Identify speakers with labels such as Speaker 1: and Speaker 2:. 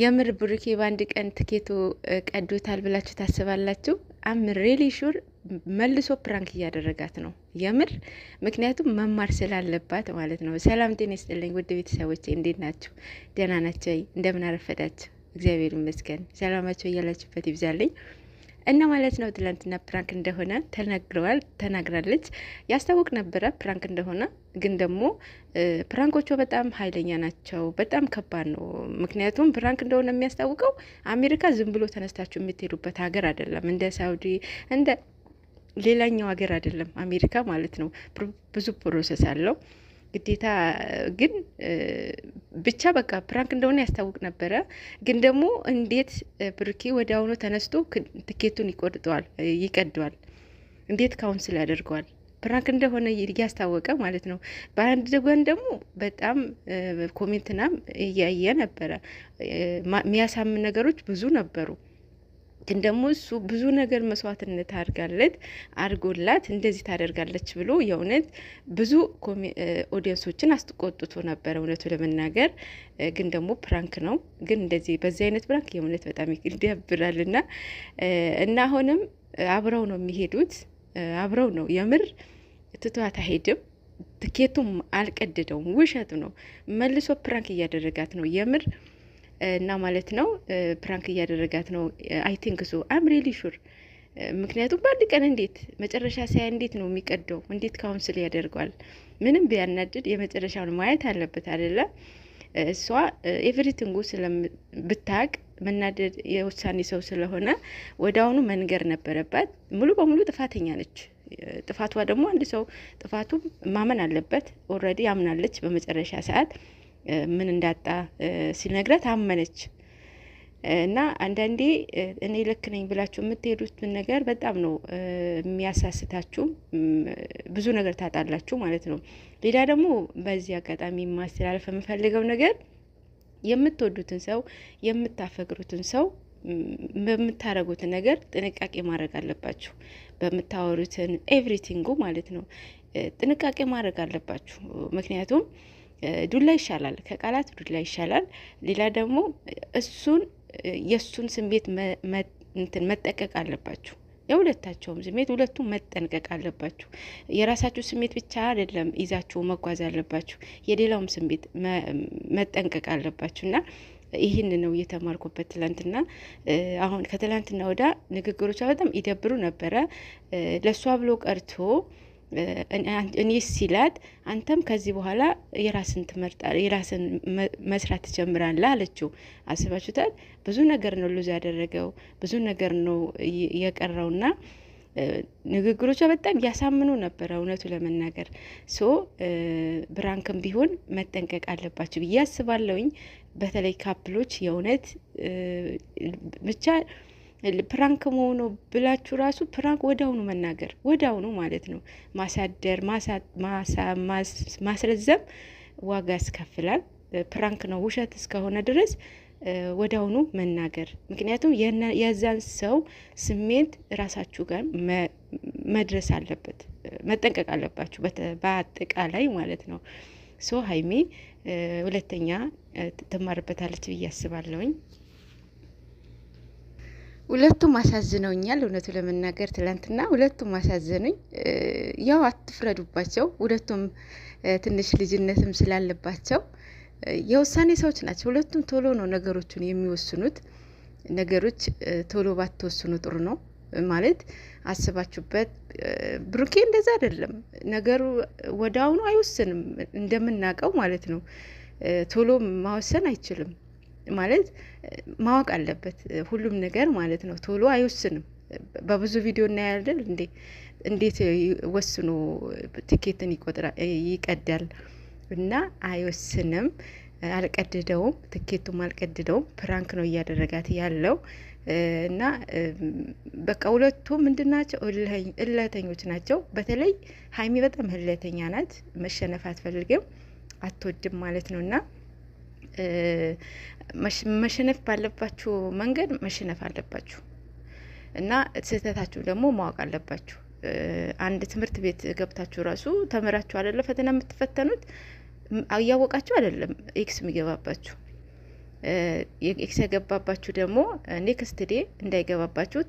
Speaker 1: የምር ብሩኬ በአንድ ቀን ትኬቱ ቀዶታል ብላችሁ ታስባላችሁ? አም ሬሊ ሹር መልሶ ፕራንክ እያደረጋት ነው የምር ምክንያቱም መማር ስላለባት ማለት ነው። ሰላም ጤና ይስጥልኝ ውድ ቤተሰቦቼ እንዴት ናችሁ? ደህና ናቸው እንደምን አረፈዳችሁ? እግዚአብሔር ይመስገን። ሰላማቸው እያላችሁበት ይብዛልኝ። እና ማለት ነው ትላንትና ፕራንክ እንደሆነ ተነግረዋል ተናግራለች። ያስታወቅ ነበረ ፕራንክ እንደሆነ ግን ደግሞ ፕራንኮቹ በጣም ኃይለኛ ናቸው። በጣም ከባድ ነው። ምክንያቱም ፕራንክ እንደሆነ የሚያስታውቀው አሜሪካ ዝም ብሎ ተነስታችሁ የምትሄዱበት ሀገር አይደለም። እንደ ሳውዲ እንደ ሌላኛው ሀገር አይደለም። አሜሪካ ማለት ነው ብዙ ፕሮሰስ አለው። ግዴታ ግን ብቻ በቃ ፕራንክ እንደሆነ ያስታውቅ ነበረ። ግን ደግሞ እንዴት ብሩኬ ወደ አሁኑ ተነስቶ ትኬቱን ይቆርጠዋል፣ ይቀደዋል? እንዴት ካውንስል ያደርገዋል? ፕራንክ እንደሆነ እያስታወቀ ማለት ነው። በአንድ ጎን ደግሞ በጣም ኮሜንትናም እያየ ነበረ። የሚያሳምን ነገሮች ብዙ ነበሩ። ግን ደግሞ እሱ ብዙ ነገር መስዋዕትነት አድርጋለት አድርጎላት እንደዚህ ታደርጋለች ብሎ የእውነት ብዙ ኦዲየንሶችን አስቆጥቶ ነበር። እውነቱ ለመናገር ግን ደግሞ ፕራንክ ነው። ግን እንደዚህ በዚህ አይነት ፕራንክ የእውነት በጣም ይደብራል። እና እና አሁንም አብረው ነው የሚሄዱት፣ አብረው ነው የምር ትቷት አይሄድም። ትኬቱም አልቀደደውም፣ ውሸት ነው። መልሶ ፕራንክ እያደረጋት ነው የምር እና ማለት ነው ፕራንክ እያደረጋት ነው። አይ ቲንክ ሶ አም ሪሊ ሹር። ምክንያቱም በአንድ ቀን እንዴት መጨረሻ ሳያ እንዴት ነው የሚቀደው? እንዴት ካውንስል ያደርገዋል? ምንም ቢያናድድ የመጨረሻውን ማየት አለበት አይደለም። እሷ ኤቭሪቲንጉ ብታቅ መናደድ የውሳኔ ሰው ስለሆነ ወደ አሁኑ መንገር ነበረባት። ሙሉ በሙሉ ጥፋተኛ ነች። ጥፋቷ ደግሞ አንድ ሰው ጥፋቱ ማመን አለበት። ኦልሬዲ አምናለች በመጨረሻ ሰዓት ምን እንዳጣ ሲነግራት አመነች። እና አንዳንዴ እኔ ልክ ነኝ ብላችሁ የምትሄዱትን ነገር በጣም ነው የሚያሳስታችሁ። ብዙ ነገር ታጣላችሁ ማለት ነው። ሌላ ደግሞ በዚህ አጋጣሚ ማስተላለፍ የምፈልገው ነገር የምትወዱትን ሰው የምታፈቅሩትን ሰው በምታረጉት ነገር ጥንቃቄ ማድረግ አለባችሁ። በምታወሩትን ኤቭሪቲንጉ ማለት ነው ጥንቃቄ ማድረግ አለባችሁ። ምክንያቱም ዱላ ይሻላል፣ ከቃላት ዱላ ይሻላል። ሌላ ደግሞ እሱን የእሱን ስሜት እንትን መጠቀቅ አለባችሁ። የሁለታቸውም ስሜት ሁለቱም መጠንቀቅ አለባችሁ። የራሳችሁ ስሜት ብቻ አይደለም ይዛችሁ መጓዝ አለባችሁ። የሌላውም ስሜት መጠንቀቅ አለባችሁ እና ይህን ነው እየተማርኩበት። ትላንትና አሁን ከትላንትና ወዳ ንግግሮቿ በጣም ይደብሩ ነበረ ለእሷ ብሎ ቀርቶ እኔ ሲላት አንተም ከዚህ በኋላ የራስን ትምህርት የራስን መስራት ትጀምራለህ አለችው። አስባችሁታል? ብዙ ነገር ነው ሉዝ ያደረገው ብዙ ነገር ነው የቀረውና ንግግሮቿ በጣም ያሳምኑ ነበረ። እውነቱ ለመናገር ሶ ብራንክም ቢሆን መጠንቀቅ አለባቸው ብዬ አስባለሁኝ። በተለይ ካፕሎች የእውነት ብቻ ፕራንክ መሆኑ ብላችሁ ራሱ ፕራንክ ወዳውኑ መናገር ወዳውኑ ማለት ነው። ማሳደር ማስረዘም ዋጋ ያስከፍላል። ፕራንክ ነው ውሸት እስከሆነ ድረስ ወዳውኑ መናገር። ምክንያቱም የዛን ሰው ስሜት ራሳችሁ ጋር መድረስ አለበት፣ መጠንቀቅ አለባችሁ በአጠቃላይ ማለት ነው። ሶ ሀይሚ ሁለተኛ ትማርበታለች ብዬ አስባለሁኝ። ሁለቱም አሳዝነውኛል። እውነቱ ለመናገር ትላንትና ሁለቱም አሳዘኑኝ። ያው አትፍረዱባቸው። ሁለቱም ትንሽ ልጅነትም ስላለባቸው የውሳኔ ሰዎች ናቸው። ሁለቱም ቶሎ ነው ነገሮቹን የሚወስኑት። ነገሮች ቶሎ ባትወስኑ ጥሩ ነው ማለት አስባችሁበት። ብሩኬ እንደዛ አይደለም ነገሩ፣ ወደ አሁኑ አይወስንም እንደምናውቀው ማለት ነው። ቶሎ ማወሰን አይችልም። ማለት ማወቅ አለበት ሁሉም ነገር ማለት ነው። ቶሎ አይወስንም። በብዙ ቪዲዮ እናያለን እንዴ እንዴት ወስኖ ትኬትን ይቀዳል እና አይወስንም። አልቀድደውም፣ ትኬቱም አልቀድደውም። ፕራንክ ነው እያደረጋት ያለው እና በቃ ሁለቱ ምንድን ናቸው? ናቸው። በተለይ ሀይሚ በጣም ህለተኛ ናት። መሸነፍ አትፈልግም፣ አትወድም ማለት ነው እና መሸነፍ ባለባችሁ መንገድ መሸነፍ አለባችሁ እና ስህተታችሁ ደግሞ ማወቅ አለባችሁ። አንድ ትምህርት ቤት ገብታችሁ ራሱ ተምራችሁ አይደለ ፈተና የምትፈተኑት እያወቃችሁ አይደለም ኤክስ የሚገባባችሁ ኤክስ የገባባችሁ ደግሞ ኔክስት ዴ እንዳይገባባችሁ